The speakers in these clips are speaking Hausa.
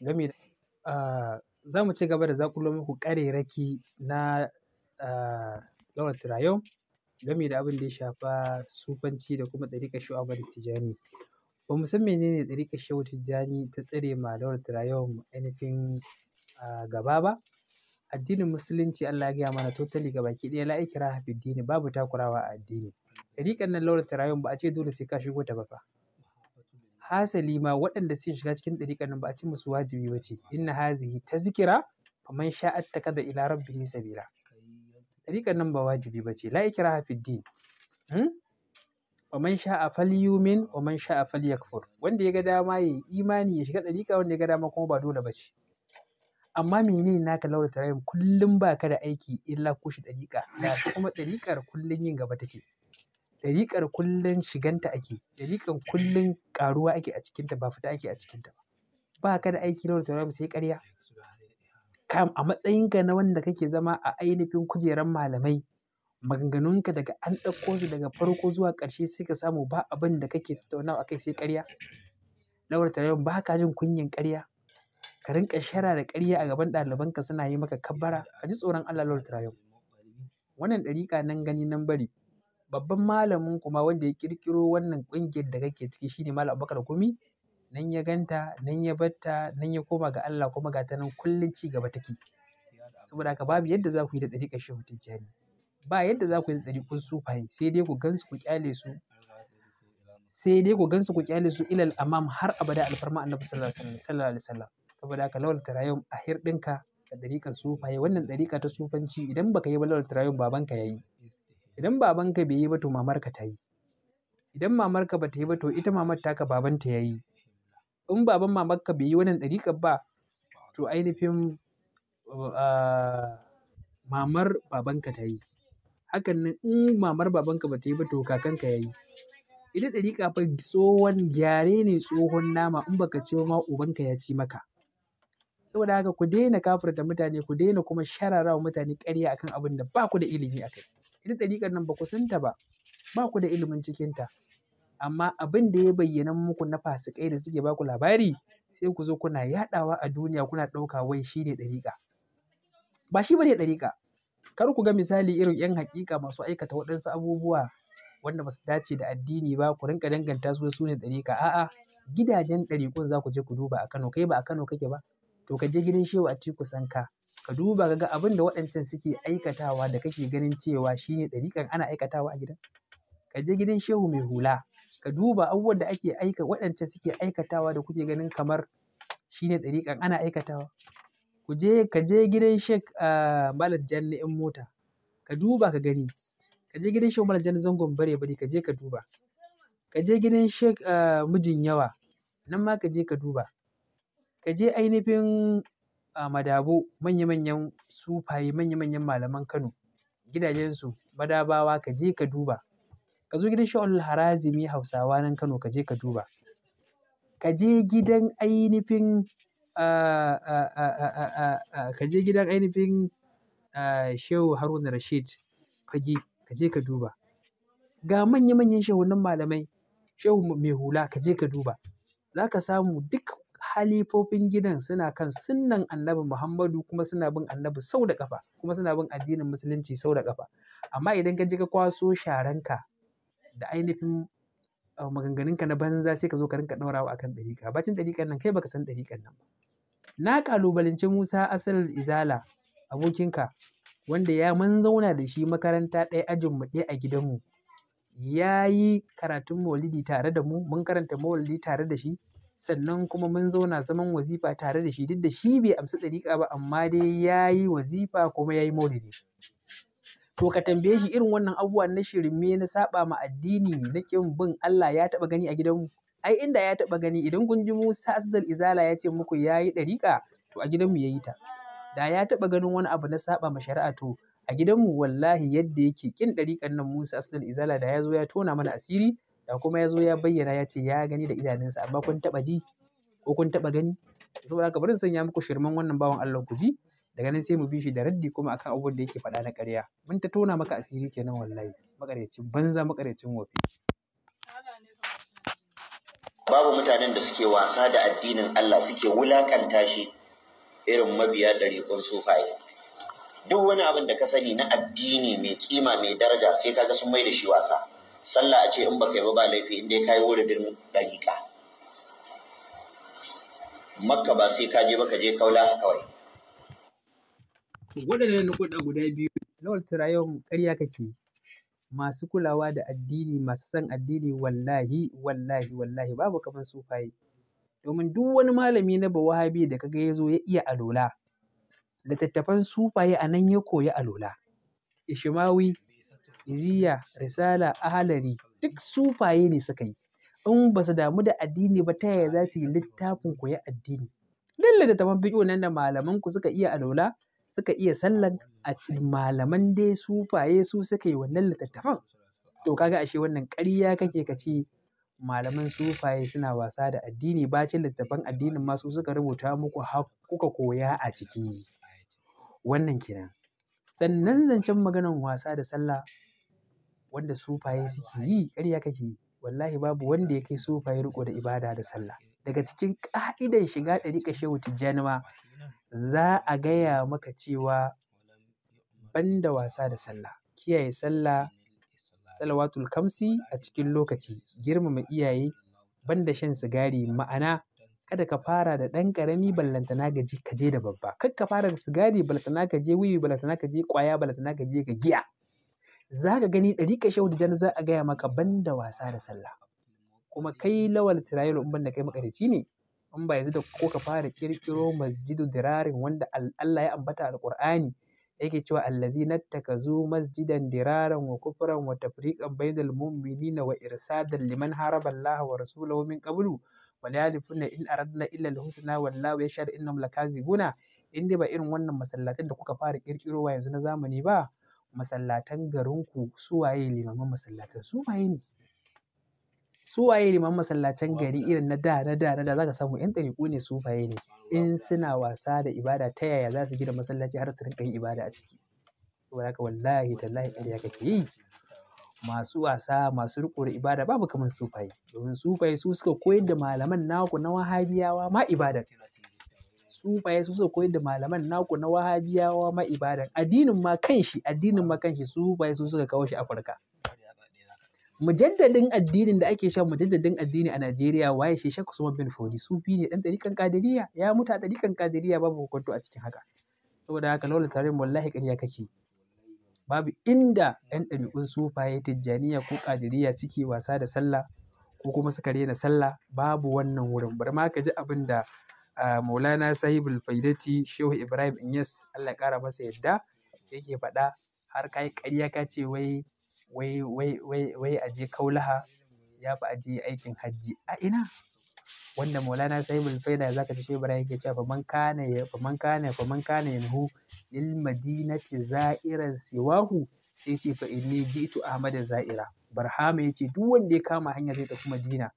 Gami za mu ci gaba da zakulo muku ƙarerraki na ah, Lawan gami game da abin da ya shafa sufanci da kuma ɗariƙar shu'aba da tijani. Ba mu san menene ɗariƙar shu'aba tijani ta tsare ma Lawan Turayum ainihin gaba ba. Addinin Musulunci Allah ya gaya mana totali ga baki ɗaya la'ikira hafi dini babu takurawa a addini. ɗariƙan nan Lawan Turayum ba a ce dole sai ka shigo ta ba fa. hasali ma waɗanda suke shiga cikin ɗariƙar nan ba a ce musu wajibi ba ce inna hazihi ta zikira faman sha'at ta kada ila ni sabila ɗariƙar nan ba wajibi ba ce la ikra din hmm? man sha'a falyumin wa man sha'a yakfur wanda ya ga dama yayi imani ya shiga ɗariƙa wanda ya ga dama kuma ba dole ba ce amma menene naka laura tarayin kullum ba ka da aiki illa kushi ɗariƙa da kuma ɗariƙar kullum yin gaba take ɗariƙar kullum shiganta ake, ɗariƙar kullum ƙaruwa ake a cikinta ba fita ake a cikinta ba. Ba ka da aiki na tauraro sai ƙarya. Kam a matsayinka na wanda kake zama a ainihin kujerar malamai, maganganunka daga an ɗauko su daga farko zuwa ƙarshe sai ka samu ba abin da kake tattaunawa akai sai ƙarya. Daura tauraron ba ka jin kunyan ƙarya. Ka rinƙa shara da ƙarya a gaban ɗalibanka suna yi maka kabbara. Ka ji tsoron Allah Laur Wannan ɗariƙa nan gani nan bari. babban malamin kuma wanda ya ƙirƙiro wannan ƙungiyar da kake ciki shine Malam Abubakar Gumi. Nan ya ganta, nan ya batta, nan ya koma ga Allah kuma ga ta nan kullum ci gaba take. Saboda haka babu yadda za ku yi da ɗariƙar Shehu Tijjani. Ba yadda za ku yi da ɗariƙun sufaye sai dai ku gansu ku ƙyale su sai dai ku gansu ku kyale su ilal amam har abada alfarma annabi sallallahu alaihi wasallam saboda haka lawal tarayum a hir dinka da dariƙar sufaye wannan dariƙa ta sufanci idan baka yi ba lawal tarayum babanka yayi idan babanka bai yi ba to mamarka ta yi idan mamarka ba ta yi ba to ita mamar taka babanta ya yi in baban mamarka bai yi wannan ɗariƙar ba to ainihin ah, mamar babanka ta yi hakan nan in mamar babanka ba ta yi ba to kakanka ya yi ita ɗariƙa fa tsohon gyare ne tsohon nama in baka ce ma ubanka ya ci maka saboda haka ku daina kafirta mutane ku daina kuma shararawa mutane ƙarya akan abin da ba ku da ilimi akai ita ɗariƙar nan ba ku santa ba ba ku da ilimin cikinta amma abin da ya bayyana muku na fasikai da suke baku labari sai ku zo kuna yaɗawa a duniya kuna ɗauka wai shi ne ɗariƙa ba shi ba ne ɗariƙa kar ku ga misali irin 'yan haƙiƙa masu aikata waɗansu abubuwa wanda ba su dace da addini ba ku rinka danganta su su ne ɗariƙa a'a gidajen ɗariƙun za ku je ku duba a Kano kai ba a Kano kake ba to ka je gidan Shehu san ka. ka duba ka ga abin da waɗancan suke aikatawa da kake ganin cewa shi ne ɗariƙar ana aikatawa a gidan ka je gidan shehu mai hula ka duba abubuwan da ake aika waɗancan suke aikatawa da kuke ganin kamar shi ne ɗariƙar ana aikatawa ku je ka je gidan shek ah, malam jalli ‘yan mota ka duba ka gani ka je gidan shek malam jalli zangon bare bare ka je ka duba ka je gidan shek ah, mijin yawa nan ma ka je ka duba ka je ainihin Madabo manya-manyan sufaye manya-manyan malaman Kano gidajensu Madabawa ka je ka duba. Ka zo gidan Sha'ul Harazimi Hausawa nan Kano ka je ka duba. Ka je gidan ainihin ka je gidan ainihin Shehu Haruna Rashid Fage ka je ka duba. Ga manya-manyan shehunan malamai Shehu mai hula, ka je ka duba. Za ka samu duk halifofin gidan suna kan sunnan annabi Muhammadu kuma suna bin annabi sau da ƙafa kuma suna bin addinin musulunci sau da ƙafa amma idan ka je ka kwaso sharanka da ainihin eh, maganganunka na banza sai ka zo ka rinka ɗaurawa akan ɗariƙa bacin ɗariƙan nan kai baka san ɗariƙan nan na ƙalubalanci Musa asalin izala abokinka wanda ya mun zauna da shi makaranta ɗaya ajin mu ɗaya a gidanmu ya yi karatun maulidi tare da mu mun karanta maulidi tare da shi sannan kuma mun zauna zaman wazifa tare da shi duk da shi bai amsa tsarika ba amma dai ya yi wazifa kuma ya yi maulidi to ka tambaye shi irin wannan abubuwa na shirin me na saba ma addini na kin bin Allah ya taɓa gani a gidanmu ai inda ya taba gani idan kun ji Musa Asdal Izala ya ce muku ya yi ɗariƙa to a gidanmu ya yi ta da ya taba ganin wani abu na saba ma shari'a to a gidanmu wallahi yadda yake kin ɗariƙan nan Musa Asdal Izala da ya zo ya tona mana asiri da kuma ya zo ya bayyana ya ce ya gani da idanunsa amma kun taɓa ji ko kun taɓa gani saboda haka bari in sanya muku shirman wannan bawan Allah ku ji daga nan sai mu bi shi da raddi kuma akan abubuwan da yake faɗa na ƙarya mun ta tona maka asiri kenan wallahi makarecin banza makarecin wofi babu mutanen da suke wasa da addinin Allah suke wulakanta shi irin mabiya kun sufaye duk wani abin da ka sani na addini mai kima mai daraja sai ga sun mai da shi wasa sallah a ce in baka yi ba ba laifi in dai kai wuridin dakika makka ba sai ka je ba ka je kaula kawai waɗannan nukuɗa guda biyu lawal turayen ƙarya kake masu kulawa da addini masu san addini wallahi wallahi wallahi babu kamar sufaye domin duk wani malami na wahabi da kaga ya zo ya iya alola littattafan sufaye a nan ya koyi alola ishimawi izziya, risala, ahalari duk sufaye ne suka yi. In ba su damu da addini ba ta yaya za su yi littafin ya addini. Duk littattafan fiƙo nan da malaman ku suka iya alwala, suka iya sallan a malaman dai sufaye su suka yi wannan littattafan. To kaga ashe wannan ƙarya kake ka ce malaman sufaye suna wasa da addini ba cin littattafan addinin ma su suka rubuta muku har kuka koya a ciki. Wannan kenan. Sannan zancen maganan wasa da sallah wanda sufaye suke yi ƙarya kake yi wallahi babu wanda ya kai sufaye riko da ibada da sallah daga cikin ƙa'idan shiga ɗariƙa shehu tijjani za a gaya maka cewa banda wasa da sallah kiyaye sallah salawatul kamsi a cikin lokaci girmama iyaye banda shan sigari ma'ana kada ka fara da ɗan ƙarami ballantana ka je da babba kar ka fara da sigari ballantana ka je wiwi ballantana ka je ƙwaya ballantana ka je ga giya za ka gani ka shehu jana za a gaya maka da wasa da sallah kuma kai lawal tirayil in da kai makarici ne in ba yanzu da ko ka fara kirkiro masjidu dirarin wanda Allah ya ambata alqur'ani yake cewa allazi nattakazu masjidan diraran wa kufran wa tafriqan bainal mu'minina wa irsadan liman haraba Allah wa rasulahu min qablu wala yalifuna in aradna illa al-husna wallahu yashhadu innahum lakazibuna in dai ba irin wannan masallatan da kuka fara kirkirowa yanzu na zamani ba masallatan garinku su waye limaman masallatan su waye ne su waye limaman masallatan gari irin na da na da na da zaka samu yan tariku ne su waye ne in suna wasa da ibada ta yaya za su gina masallaci har su rinka yin ibada a ciki saboda haka wallahi tallahi ƙarya kake yi masu wasa masu riƙo da ibada babu kamar sufaye domin sufaye su suka koyar da malaman naku na wahabiyawa ma ibada sufaye su suka koyar da malaman naku na wahabiyawa ma ibadan addinin ma kanshi addinin ma kanshi sufaye su suka kawo shi afirka mujaddadin addinin da ake shan mujaddadin addini a Najeriya waye shi shakku suma bin Fodi sufi ne dan ɗarikan kadiriya, ya muta a kadiriya babu hukunto a cikin haka saboda haka laula tarin wallahi ƙarya kake babu inda 'yan ɗabi'un sufaye tijjaniya ko kadiriya suke wasa da sallah ko kuma suka rena sallah babu wannan wurin bari ma ka ji abin da Maulana al Faidati Shehu Ibrahim Inyas Allah ƙara masa yadda yake faɗa har kai ƙarya ka ce wai wai wai wai aje kaulaha ya fi aje aikin hajji a ina wanda Maulana al Faida zaka ji Shehu Ibrahim yake cewa faman kana ya faman kana faman kana yanhu lil madinati za'iran siwahu sai ce fa inni jitu Ahmad za'ira Barhama yace duk wanda ya kama hanya zai tafi Madina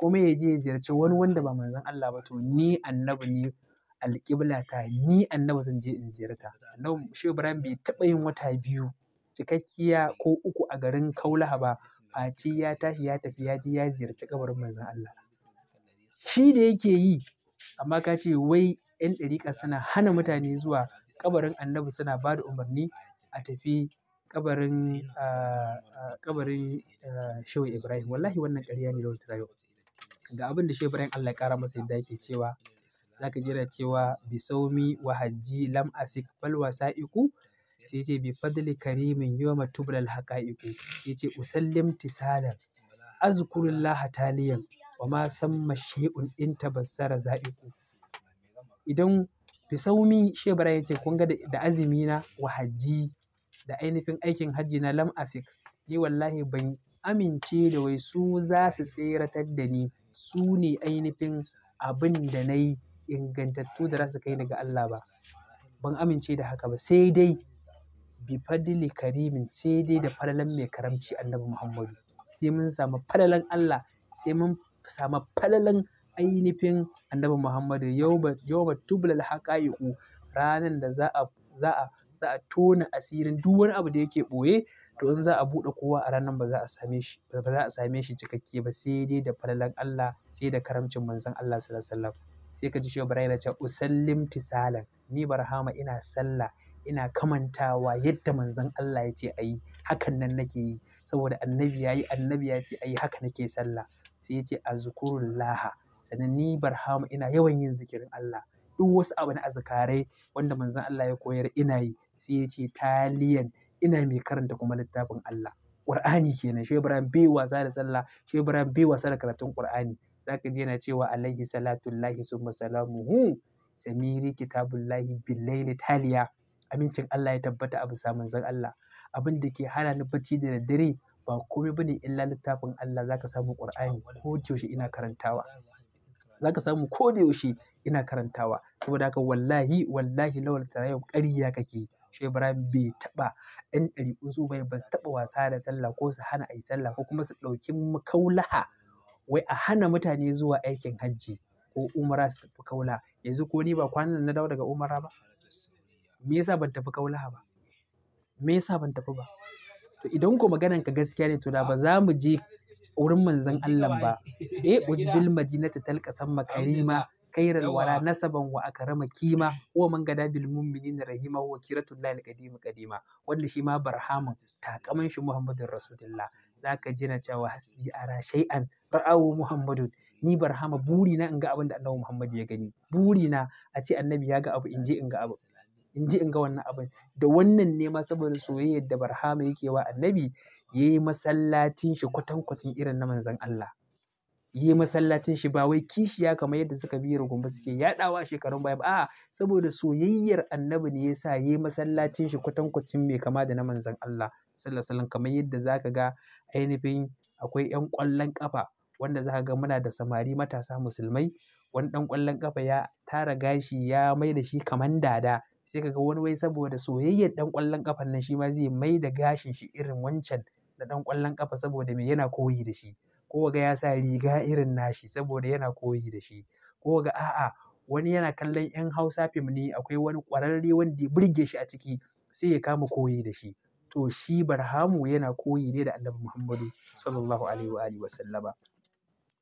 kuma ya je ya ziyarci wani wanda ba manzon Allah ba to ni annabi ne alƙibla ta ni annabi zan je in ziyarta annabi shehu ibrahim bai taɓa yin wata biyu cikakkiya ko uku a garin kaulaha ba face ya tashi ya tafi ya je ya ziyarci kabarin manzon Allah shi da yake yi amma ka ce wai 'yan ɗariƙa suna hana mutane zuwa kabarin annabi suna ba da umarni a tafi kabarin ah, ah, kabarin ah, shehu ibrahim wallahi wannan ƙarya ne da wata rayuwa Ga abin da Shehu Ibrahim Allah ya ƙara masa yadda yake cewa, za ka ji cewa bi saumi wa hajji lam asik bal wasa'iku sai ce bi fadli karimin yawma tublal haqa'iqu sai ce usallim tisalan azkurullaha taliyan wa ma samma shay'un in tabassara za'iku idan bi saumi Shehu Ibrahim ya kun ga da azumi na wa hajji da ainihin aikin hajji na lam asik ni wallahi ban amince da wai su za su tseratar da ni, su ne ainihin abin da na yi ingantattu da za kai daga Allah ba. Ban amince da haka ba, sai dai bi fadili karimin, sai dai da falalan mai karamci Annabi Muhammadu. Sai mun samu falalan Allah, sai mun samu falalan ainihin Annabi Muhammadu. Yau ba tubula haqa'iqu, ranan da za a, da tona asirin duk wani abu da yake ɓoye. to in za a buɗe kowa a ranar ba za a same shi cikakke ba sai dai da falalan Allah sai da karamcin manzon Allah sallallahu alaihi wasallam sai ka ji shi bara yana cewa usallim tisalan ni barhama ina sallah ina kamantawa yadda manzon Allah ya ce a yi hakan nan nake yi saboda annabi ya yi annabi ya ce a yi haka nake sallah sai ya ce a laha sannan ni barhama ina yawan yin zikirin Allah duk wasu abu na azkarai wanda manzon Allah ya koyar ina yi sai ya ce taliyan ina mai karanta kuma littafin Allah Qur'ani kenan shi Ibrahim bai wasa da sallah shi Ibrahim bai wasa da karatun Qur'ani zaka ji yana cewa alaihi salatu lahi summa salamuhu samiri kitabullahi billaili taliya amincin Allah ya tabbata abu samun zan Allah abin da ke hana ni bacci da daddare ba komai bane illa littafin Allah zaka samu Qur'ani ko yaushe ina karantawa zaka samu ko da yaushe ina karantawa saboda haka wallahi wallahi lawal tarayyu ƙarya kake Shehu Ibrahim bai taɓa ɗan ɗariƙun sufaye ba su taɓa wasa da sallah ko su hana a yi sallah ko kuma su ɗauki makaulaha wai a hana mutane zuwa aikin hajji ko umara su tafi kaula yanzu ko ni ba kwanan na dawo daga umara ba me yasa ban tafi kaulaha ba me yasa ban tafi ba to idan ko maganan ka gaskiya ne to da ba za mu je wurin manzon Allah ba eh ujbil madinatu talqasan makarima khairal nasaban wa akarama kima wa man gada bil mu'minin rahima wa kiratullahi kadima kadima wanda shi ma barhamun takaman shi muhammadur rasulullah zaka je na cewa hasbi ara shay'an ra'awu Muhammadu ni barhama buri na in ga abinda annabi ya gani buri na a ce annabi ya ga abu in je in ga abu in in ga wannan abin da wannan ne ma saboda soyayyar da barhama yake wa annabi ya yi masallacin shi kwatankwacin irin na manzon Allah yi masallacin shi ba wai kishiya kamar yadda suka bi rugunba suke yaɗawa shekarun baya ba a'a saboda soyayyar annabi ne yasa yi masallacin shi kwatankwacin mai kama da na manzon Allah sallallahu alaihi wasallam kamar yadda zaka ga ainihin akwai ƴan ƙwallon kafa wanda zaka ga muna da samari matasa musulmai wani ɗan ƙwallon kafa ya tara gashi ya mai da shi kaman dada sai kaga wani wai saboda soyayyar ɗan ƙwallon kafan nan shi ma zai mai da gashin shi irin wancan na ɗan ƙwallon kafa saboda me yana koyi da shi ko ga ya sa riga irin nashi saboda yana koyi da shi ko ga a'a wani yana kallon 'yan Hausa fim ne akwai wani ƙwararre wanda ya burge shi a ciki sai ya kama koyi da shi to shi Barhamu yana koyi ne da Annabi Muhammadu sallallahu alaihi wa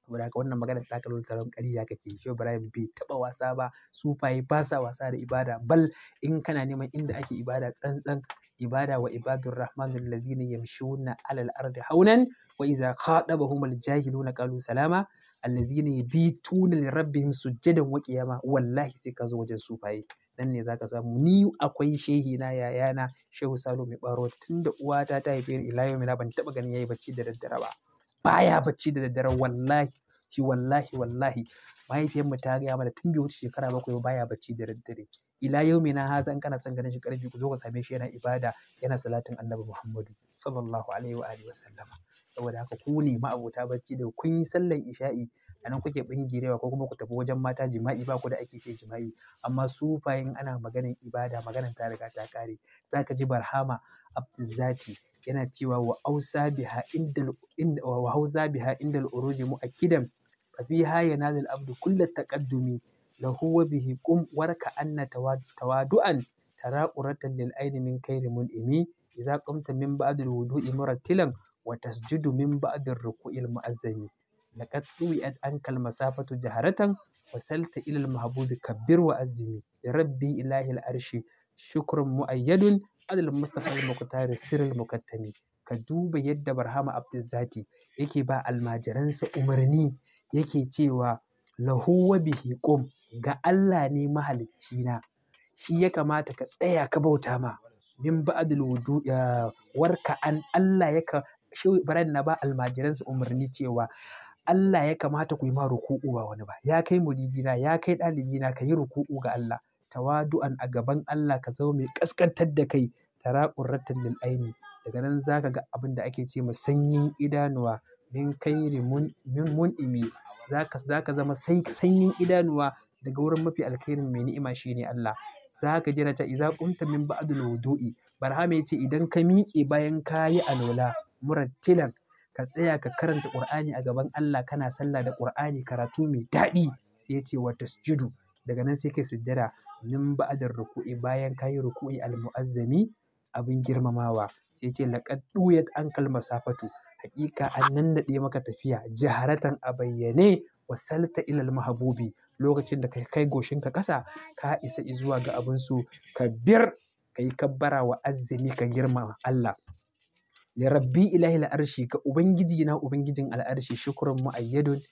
saboda haka wannan magana da aka lura ƙarya kake shi Ibrahim bai taɓa wasa ba sufaye ba sa wasa da ibada bal in kana neman inda ake ibada tsantsan ibada wa ibadur rahmanul lazina yamshuna alal ardi haunan wa iza khadabahum al jahiluna qalu salama allazina yabituna li rabbihim sujjadan wa qiyama wallahi sai ka zo wajen sufaye nan ne zaka samu ni akwai shehi na yayana shehu salo mai baro tunda uwata ta haife ni ila yau ban taba ganin yayi bacci da daddare ba baya bacci da daddare wallahi shi wallahi wallahi mahaifiyarmu ta gaya mana tun bai wuce shekara bakwai ba baya bacci da daddare ila yau mai na haza in kana son ganin shi karfi ku zo ka same shi yana ibada yana salatin annabi muhammadu sallallahu alaihi wa alihi wasallama saboda haka ku ne abota, bacci da kun yi sallan isha'i a nan kuke bingirewa ko kuma ku tafi wajen mata jima'i ba ku da ake ce jima'i amma sufayin ana maganin ibada maganin ta riga ta kare za ka ji barhama abdulzati yana cewa wa Hausa biha inda wa hauza biha indal uruji mu'akkidan haya na yanazil abdu kulla taƙaddumi da huwa bihi qum warka anna tawadu'an tara'uratan lil aini min khairi mun'imi idza ƙamta min ba'd wudu'i murattilan wa tasjudu min ba'd ar ruku'il mu'azzami laqad tuwi'at ankal masafatu jaharatan wasalta ilal mahbubi kabbir wa azimi rabbi ilahil arshi shukrun mu'ayyadun Adil Mustapha al-Muqtari Siril ka duba yadda Barhama Abdulzaki yake ba almajiransa umarni yake cewa lahu wa bihi qum ga Allah ne mahalicci na shi ya kamata ka tsaya ka bauta ma min ba'dul wudu warka an Allah ya ka shi na ba almajiransa umarni cewa Allah ya kamata ku yi ma ruku'u ba wani ba ya kai muridina ya kai na, ka yi ruku'u ga Allah tawadu'an a gaban Allah ka zama mai kaskantar da kai tara ƙurratan lil aini daga nan zaka ga abin da ake ce mu sanyin idanuwa min kairi mun imi zaka zaka zama sai sanyin idanuwa daga wurin mafi alkhairin mai ni'ima shine Allah zaka jira ta iza qumta min ba'dul wudu'i barhama ce idan ka miƙe bayan kayi alola murattilan ka tsaya ka karanta Qur'ani a gaban Allah kana sallah da Qur'ani karatu mai daɗi sai yace wa tasjudu daga nan sai kai sujjada nan ba'adar ruku'i bayan ka yi ruku'i almu'azzami abin girmamawa sai ce laqad duyat ankal masafatu haƙiƙa an nannaɗe maka tafiya jaharatan a bayyane wasalta ilal mahabubi lokacin da ka kai ka ƙasa ka isa zuwa ga abin su ka biyar kabbara wa azumi ka girma Allah ya rabbi ilahi al'arshi ka ubangiji na ubangijin al'arshi shukurun mu'ayyadun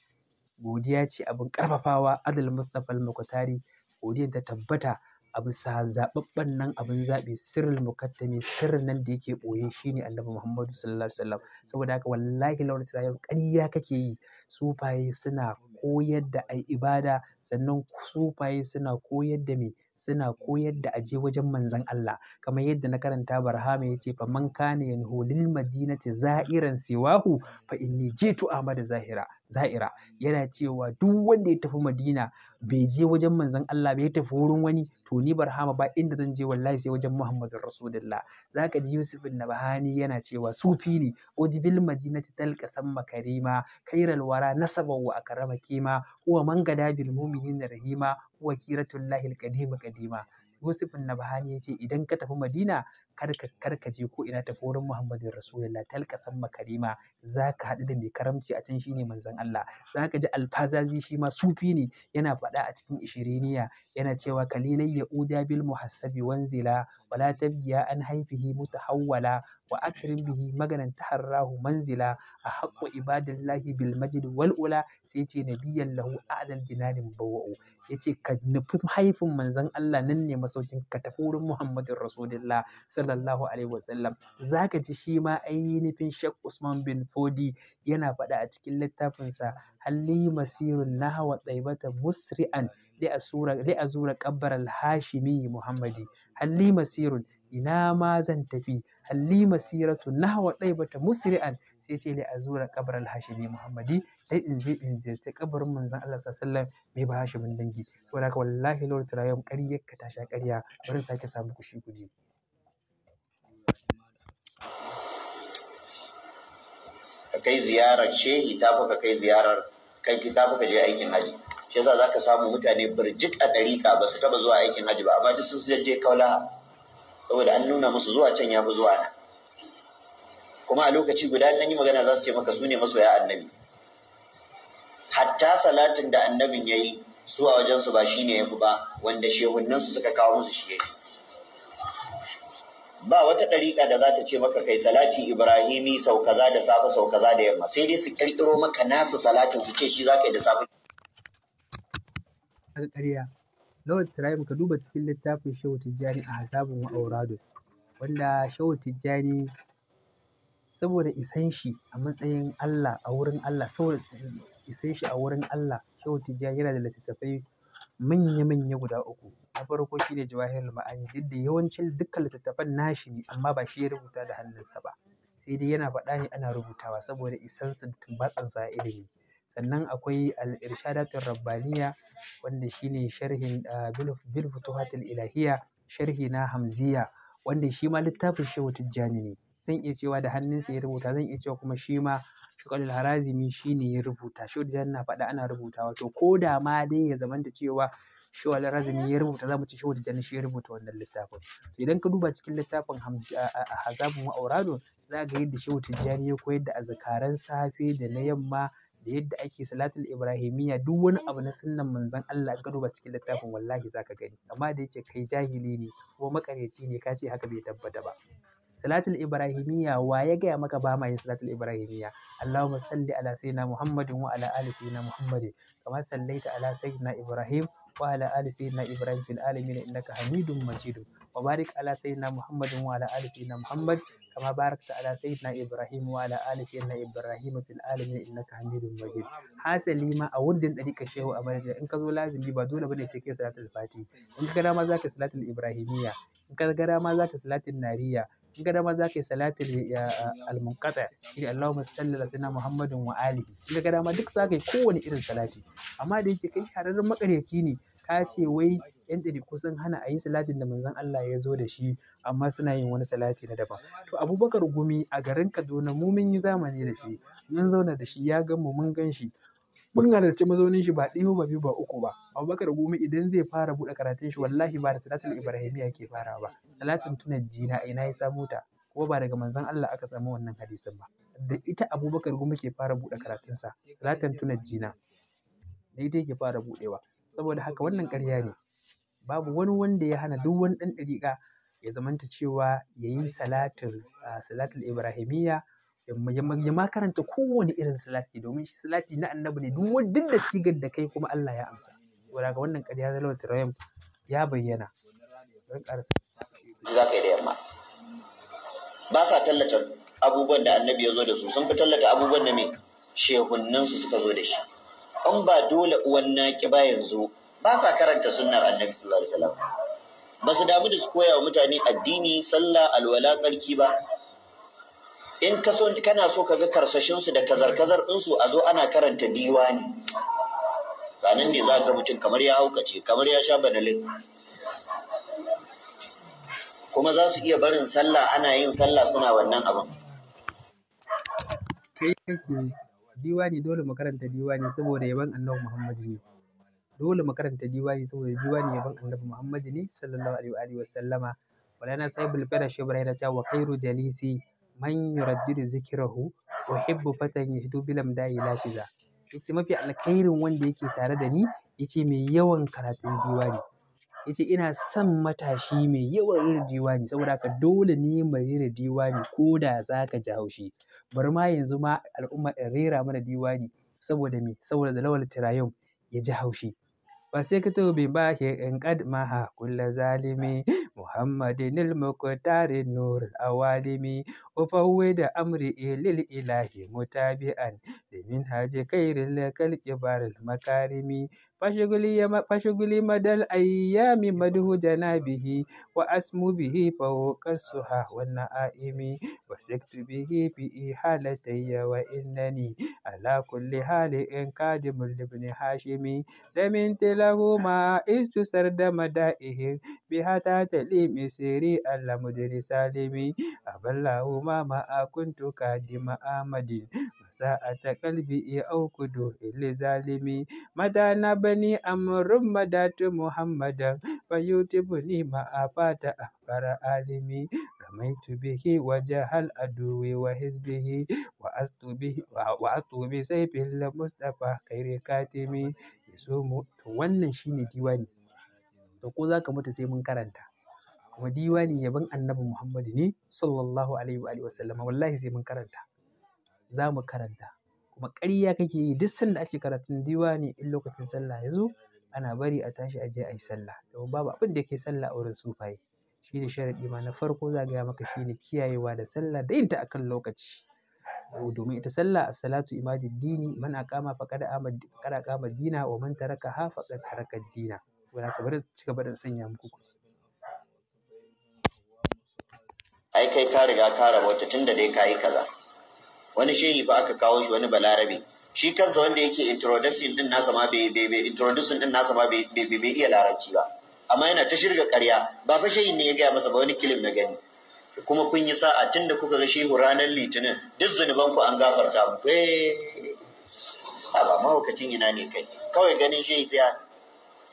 godiya ce abin karfafawa adal mustapha al-mukhtari godiyar ta tabbata a bisa zaɓaɓɓen nan abin zaɓi sirrin mukaddami sirrin nan da yake ɓoye shine annabi muhammadu sallallahu alaihi wasallam saboda haka wallahi lawan tsayar ƙarya kake yi sufaye suna koyar da ai ibada sannan sufaye suna koyar da me suna koyar da aje wajen manzan Allah kamar yadda na karanta barhama yace fa man kana yanhu lil madinati za'iran siwahu fa inni jitu amada zahira za'ira yana cewa duk wanda ya tafi madina bai je wajen manzon Allah ba ya tafi wurin wani to ni barhama ba inda zan je wallahi sai wajen Muhammadin Rasulullah zaka ji Yusuf bin Nabhani yana cewa sufi ne ujbil madinati talqa samma karima khairal wara nasaba wa akrama kima huwa mangada gada bil mu'minin rahima huwa kiratullahi al qadima qadima Yusuf bin Nabhani yace idan ka tafi Madina karka karka je ko ina tafi wurin Muhammadin Rasulullah talka Makarima, karima zaka haɗu da mai karamci a can shine manzon Allah za ka ji alfazazi shi ma sufi ne yana faɗa a cikin ishiriniya yana cewa kalilai ya uja bil muhassabi wanzila wala tabya an haifihi mutahawwala wa akrim bihi maganan taharrahu manzila a haqqu ibadillahi bil majid wal ula sai ce nabiyyan lahu a'dal jinanin bawa'u yace ka nufi haifin manzon Allah nan ne masaukin ka tafi wurin Muhammadu Rasulullah sallallahu alaihi wasallam zaka ji shi ma ainihin Sheikh Usman bin Fodi yana faɗa a cikin littafinsa halli masirun nahwa daibata musri'an li asura li azura qabbar al-hashimi muhammadi halli masirun ina ma zan tafi halli masiratu nahwa daibata musri'an sai ce li azura al hashimi muhammadi Sai in je in ta kabarin manzon Allah sallallahu alaihi wasallam mai ba hashimin dangi saboda haka wallahi lord tarayum ƙarya ka tasha ƙarya bari sake samu kushi kuji ka kai ziyarar shehi ta fi kai ziyarar kai ki ta fi ka je aikin haji shi yasa zaka samu mutane birjit a dariƙa ba su taɓa zuwa aikin haji ba amma duk sun je kaula saboda an nuna musu zuwa can ya fi zuwa nan kuma a lokaci guda an yi magana za su ce maka su ne masoya annabi hatta salatin da annabin ya yi su a wajensu ba shi ne ya fi ba wanda shehunninsu suka kawo musu shi ya yi ba wata ɗariƙa da za ta ce maka kai salati ibrahimi sau kaza da safe sau kaza da yamma sai dai su ƙirƙiro maka nasu salatin su ce shi za ka yi da safe. Aka ƙarya, Lord ka duba cikin littafin Shehu Tijjani a hasabin Wa'aurado, wanda Shehu Tijjani saboda isan shi a matsayin Allah a wurin Allah, saboda isan shi a wurin Allah, Shehu Tijjani yana da littattafai manya-manya guda uku. na farko shine Jawahirul Ma'ani duk da yawancin dukkan littattafan nashi ne amma ba shi ya rubuta da hannunsa ba sai dai yana faɗa ne ana rubutawa saboda isansa da sa ilimi sannan akwai al-irshadatul rabbaniya wanda shine sharhin ah, bil futuhatil ilahiyya sharhi na hamziya wanda shi ma littafin shehu tijjani ne zan iya cewa da hannunsa ya rubuta zan iya cewa kuma shi ma shukalul harazimi shi ne ya rubuta shehu tijjani na faɗa ana rubutawa to ko da ma dai ya zamanta cewa shehu ali razumi ya rubuta zamu ce da janar shi ya rubuta wannan littafin to idan ka duba cikin littafin hazabu ma'aurado za ga yadda shehu tijjani ya koyar da azkaran safe da na yamma da yadda ake salatul ibrahimiyya duk wani abu na sunnan manzon Allah ka duba cikin littafin wallahi zaka gani amma da yake kai jahili ne kuma makareci ne ka ce haka bai tabbata ba Salatul Ibrahimiyya wa ya gaya maka ba ma yin salatul Ibrahimiyya? Allahumma salli ala sayyidina Muhammadin wa ala ali sayyidina Muhammadin kama sallaita ala sayyidina Ibrahim wa ala ali sayyidina Ibrahim fil alamin innaka Hamidum Majid. Wa barik ala sayyidina Muhammadin wa ala ali sayyidina Muhammad kama barakta ala sayyidina Ibrahim wa ala ali sayyidina Ibrahim fil alamin innaka Hamidum Majid. Hasali ma a wurdin dariƙa shehu a madadin in ka zo lazimi ba dole bane sai kai salatul fati in ka ga ma zaka salatul Ibrahimiyya in ka ga ma zaka salatul Nariya in ka dama za ka yi salatin almunqata shi Allahumma salli ala sayyidina Muhammadin wa alihi in ka dama duk za ka yi kowane irin salati amma da yake kai shahararren makaryaci ne ka ce wai yan ɗari kusan hana a yi salatin da manzon Allah ya zo da shi amma suna yin wani salati na daban to Abubakar Gumi a garin Kaduna mu mun yi zamani da shi mun zauna da shi ya gan mun gan shi mun halarci mazaunin shi ba ɗaya ba biyu ba uku ba. Abubakar Gumi idan zai fara buɗe karatun shi wallahi ba da salatul ibrahimiya ke fara ba. Salatin tunan jina ina ya samu ta kuma ba daga manzon Allah aka samu wannan hadisin ba. Da ita Abubakar Gumi ke fara buɗe karatunsa salatin tunan jina. Da ita yake fara buɗewa. Saboda haka wannan ƙarya ne. Babu wani wanda ya hana duk wani ɗan ɗariƙa ya zamanta cewa ya yi ah, salatul, salatul ibrahimiya ya ma karanta kowane irin salati domin shi salati na annabi ne duk duk da sigar da kai kuma Allah ya amsa wala ga wannan ƙarya zalwa tarayyam ya bayyana don ƙarasa za ka yi da yamma ba sa tallata abubuwan da annabi ya zo da su sun fi tallata abubuwan da me shehunnin su suka zo da shi in ba dole uwan naki ba yanzu ba sa karanta sunnar annabi sallallahu alaihi wasallam ba su damu da su koya wa mutane addini sallah alwala tsarki ba in ka so kana so ka ga karsashin su da kazar-kazar din su a zo ana karanta diwani sanin ne za ka mutum kamar ya haukace kamar ya sha banalin kuma za su iya barin sallah ana yin sallah suna wannan abin kai kake diwani dole mu karanta diwani saboda yaban Allah Muhammad ne dole mu karanta diwani saboda diwani yaban Allah Muhammad ne sallallahu alaihi wa alihi wa sallama wala na bil fara shibra ta wa khairu jalisi man yuraddidu zikrahu uhibbu fatan yahdu bilam da'i lafiza yace mafi alkhairin wanda yake tare da ni yace mai yawan karatun diwani yace ina son matashi mai yawan rera diwani saboda haka dole ne mai rera diwani ko da zaka ji haushi bari ma yanzu ma al'umma in rera mana diwani saboda me saboda lawal tirayon ya ji haushi Fasekitobin ba ke ƙanƙad maha kullum zalimi. Muhammadu nile muku awalimi. Ofawai da amri ilil ilahi mutabi'an tabi'an. Domin haje lakal ƙibar makarimi. فشغلي, فشغلي مدى الأيام مده جنابه وأسم به فوق السحى والنائم وسكت به في إحالتي وإنني على كل حال إن قادم لابن هاشم لمنت له ما إست سرد مدائه بها تاتلي مسيري المدير سالمي أبلاه ما ما كنت قادم آمدي وساءة قلبي أو كدور لظالمي متى نبى عجبني أمر مدات محمدا فيوتبني ما أفات أخبر عالمي رميت به وجه العدو وحزبه وأسط به وأسط بسيف المصطفى خير كاتمي يسوم wannan shine diwani to ko zaka mutu sai mun karanta kuma diwani yaban annabi Muhammadu ne sallallahu alaihi wa alihi wallahi sai mun karanta za mu karanta kuma ƙarya kake yi duk sanda ake karatun diwa ne in lokacin sallah ya zo ana bari a tashi a je a yi sallah domin babu abin da yake sallah a wurin sufaye shine sharaɗi ma na farko za gaya maka shine kiyayewa da sallah da yin ta akan lokaci domin ita sallah as-salatu imadu dini man aqama faqad aqama dina wa man taraka ha faqad taraka dina wala ka bari ci gaba da sanya muku ai kai ka riga ka rabauta tunda dai kayi kaza wani shehi ba aka kawo shi wani balarabe shi kansa wanda yake introduction din nasa ma bai bai introduction din nasa ma bai bai iya larabci ba amma yana ta shirga ƙarya ba fa shehi ne ya gaya masa ba wani kilim na gani kuma kun yi sa'a tunda kuka ga shehu ranar litinin duk zunuban ku an gafarta muku eh, a ba mahaukacin ina ne kai kawai ganin shehi sai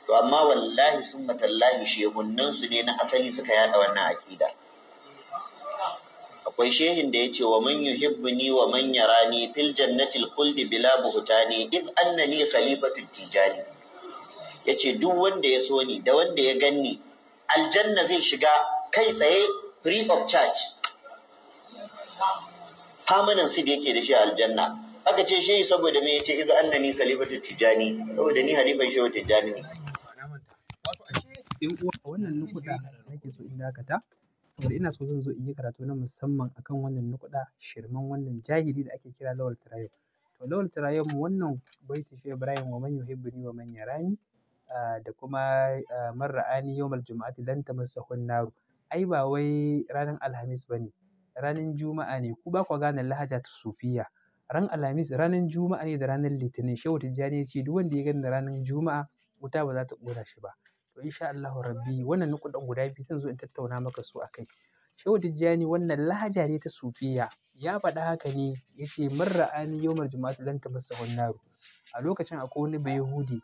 to amma wallahi sun matallahi nan su ne na asali suka yada wannan aƙidar akwai shehin da ya ce, wa man ni wa man yarani fil jannati al khuldi bila buhtani id annani khalifatu tijani yace duk wanda ya so ni da wanda ya ganni aljanna zai shiga kai tsaye free of charge hamanan su da yake da shi aljanna aka ce shehi saboda me yace iz annani khalifatu tijani saboda ni halifan shehu tijani ne wannan nukuta nake so in dakata saboda ina so zan zo in yi karatu na musamman akan wannan nukuda shirman wannan jahili da ake kira Lawal Tirayo. To Lawal Tirayo wannan baiti shi Ibrahim wa man yuhibbuni wa man yarani da kuma man ra'ani yawmal juma'ati lan tamassahu naru. Ai ba wai ranan Alhamis bane, ranar Juma'a ne ku ba ku gane lahaja ta sufiya. Ran Alhamis ranar Juma'a ne da ranar Litinin Shehu Tijjani ce duk wanda ya gani ranar Juma'a wuta ba za ta kora shi ba. To insha Allahu rabbi wannan dan guda biyu zan zo in tattauna maka su a kai. Shehu Tijjani wannan lahaja ne ta sufiya ya faɗa haka ne yace ce man ra'ani yawmal juma'ati lan tamassahu a lokacin akwai wani Bayahudi,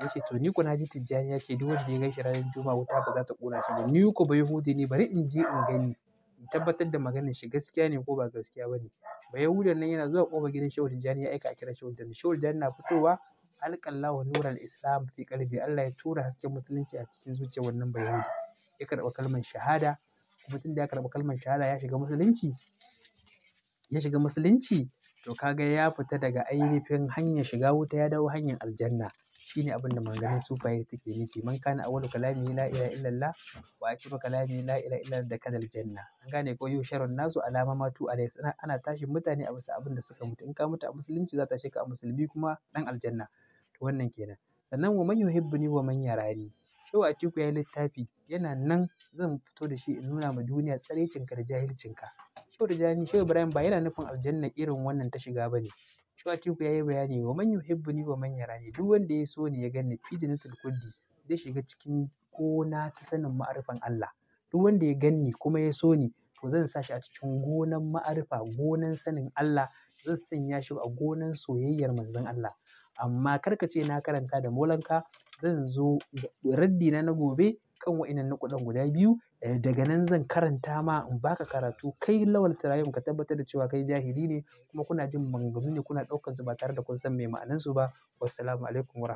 yace to ni na ji Tijjani ya ce duk wanda ya gaishe ranar juma'a wuta ba za ta kona shi ba ni ku bayahudi ne bari in je in gani in tabbatar da maganar shi gaskiya ne ko ba gaskiya ba ne. nan yana zuwa kofar gidan Shehu Tijjani ya aika a kira Shehu Tijjani Shehu Tijjani na fitowa alƙallahu nural islam fi ƙarfi Allah ya tura hasken musulunci a cikin zuciyar wannan bayani ya karɓa kalmar shahada kuma da ya karɓa kalmar shahada ya shiga musulunci ya shiga musulunci to kaga ya fita daga ainihin hanyar shiga wuta ya dawo hanyar aljanna Shi ne abin da manganin sufaye take nufi man kana awwalu kalami la ilaha illallah wa akhiru kalami la ilaha illallah da kadal janna an gane ko yau sharrun nasu alama matu alayhi ana tashin mutane a bisa abin da suka mutu in ka mutu a musulunci za ta shiga a musulmi kuma dan aljanna wannan kenan sannan wa man yuhibbuni wa man yarani wa Atiku yayi littafi yana nan zan fito da shi in nuna ma duniya tsaraicinka da jahilcin ka. jahilcinka da Tijjani shi Ibrahim ba yana nufin aljanna irin wannan ta shiga bane Shehu Atiku yi bayani wa man yuhibbuni wa man yarani duk wanda ya so ni ya ganni fi kuddi zai shiga cikin gona ta sanin ma'arifan Allah duk wanda ya ganni kuma ya so ni to zan sa shi a cikin gonan ma'arifa gonan sanin Allah zan sanya shi a gonan soyayyar manzon Allah amma karka ce na karanta da molanka zan zo raddi na na gobe kan na nukudan guda biyu eh, daga nan zan karanta ma in baka karatu kai lawal tarayim ka tabbatar da cewa kai jahili ne kuma kuna jin maganganu ne kuna ɗaukar su ba tare da kun san me ma'anansu ba wassalamu alaikum